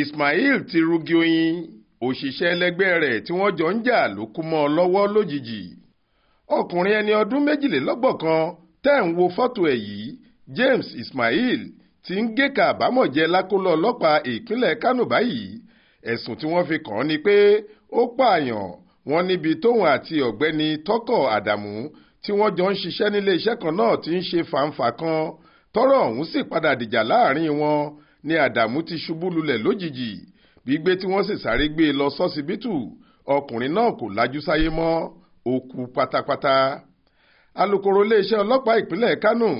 Ismail ti rugi oyin òṣìṣẹ́ ẹlẹgbẹ́ rẹ̀ tí wọ́n jọ ń jà ló kú mọ́ ọ lọ́wọ́ lójijì ọkùnrin ẹni ọdún méjìlélọ́gbọ̀n kan tẹ́ ń wo fọ́tò ẹ̀ yìí James Ismail ti ń gé ka àbámọ̀ jẹ lákòlò ọlọ́pàá ìpínlẹ̀ Kánò báyìí ẹ̀sùn tí wọ́n fi kàn án ni pé ó pààyàn wọn níbi tóun àti ọ̀gbẹ́ni tọkọ̀ Àdàmú tí wọ́n jọ ń ṣiṣẹ́ nílé iṣẹ́ kan náà ti ń ṣe fàǹfà kan tọ́rọ̀ ọ̀hún sì padà dìjà láàrin wọn ni àdàmú ti ṣubú lulẹ̀ lójijì gbígbé tí wọ́n sì sáré gbé e lọ sọ́sibítù ọkùnrin náà kò lajú sáyé mọ́ ó kú pátápátá alukoro iléeṣẹ́ ọlọ́pàá ìpínlẹ̀ kánò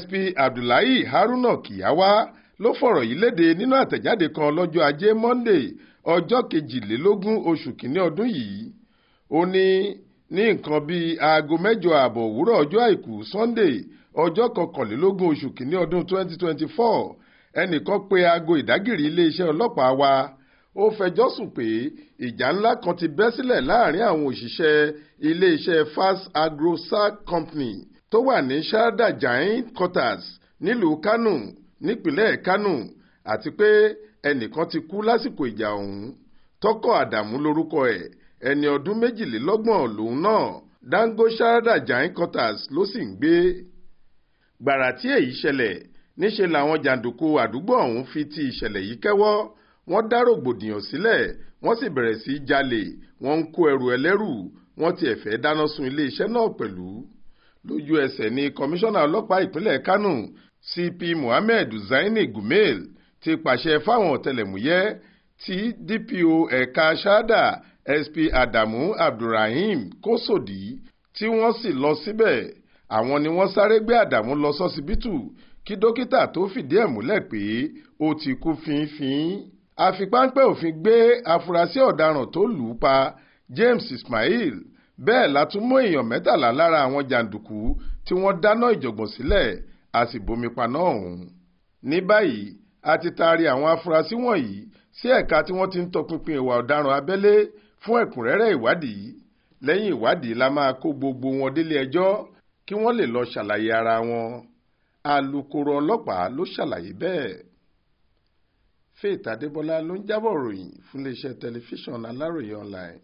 sp abdullahi haruna kiyawa ló fọ̀rọ̀ yìí léde nínú àtẹ̀jáde kan lọ́jọ́ ajé monday ọjọ́ kejìlélógún oṣù kínní ọdún yìí ó ní ní nǹkan bíi aago mẹ́jọ ààbọ̀ òwúrọ̀ ọjọ́ àìkú sunday ọjọ́ kọkànlélógún oṣù kínní ọdún 2024 ẹnìkan pe aago ìdágìrì iléeṣẹ́ ọlọ́pàá wa ó fẹjọ́ sùn pé ìjà ńlá kan ti bẹ́ sílẹ̀ láàrin àwọn òṣìṣẹ́ iléeṣẹ́ Fast AgroSac Company tó wà ní Sharada Giant Quarters nílùú Kánò nípínlẹ̀ Kánò àti pé ẹnìkan ti kú lásìkò ìjà ọ̀hún Tọ́kọ Àdàmú lorúkọ ẹ̀ ẹni ọdún méjìlélọ́gbọ̀n lòun náà Dango Sharada Giant Quarters ló sì ń gbé gbàrà tí èyí ṣẹlẹ̀ níṣe làwọn jàǹdùkú àdúgbò ọ̀hún fi ti ìṣẹ̀lẹ̀ yìí kẹ́wọ́ wọ́n dá rògbòdìyàn sílẹ̀ wọ́n sì bẹ̀rẹ̀ sí í jalè wọ́n ń kó ẹrù ẹlẹ́rù wọ́n tiẹ̀ fẹ́ dáná sun iléeṣẹ́ náà pẹ̀lú lójú ẹsẹ̀ ni kọmíṣánná ọlọ́pàá ìpínlẹ̀ kánò cp mohammed zaini gumel ti pàṣẹ fáwọn ọ̀tẹlẹ̀múyẹ́ tí dpo ẹ̀ka ṣáádà sp adamu abdulrahim kòsòdì tí wọ́n sì lọ síbẹ̀ àwọn ni wọ́n sáré gbé adamu lọ sọ́sibítù kí dókítà tó fìdí ẹ̀ múlẹ̀ pé ó ti kú fínfín àfi òfin gbé afurasí ọ̀daràn tó lù ú pa James Ismail bẹ́ẹ̀ la tún mú èèyàn mẹ́tàlá lára àwọn jàǹdùkú tí wọ́n dáná ìjọ̀gbọ̀n sílẹ̀ a sì bomi paná ọ̀hún. ní báyìí a ti taari àwọn afurasí wọ̀nyí sí ẹ̀ka tí wọ́n ti ń tọpinpin ìwà ọ̀daràn abẹ́lé fún ẹ̀kúnrẹ́rẹ́ ìwádìí lẹ́yìn ìwádìí la máa kó gbogbo wọn délé ẹjọ́ kí wọ́n lè lọ ṣàlàyé ara wọn alūkkóró ọlọ́pàá ló ṣàlàyé bẹ́ẹ̀ faith adébọlá ló ń jábọ̀ ròyìn fún tẹlifíṣàn aláròye online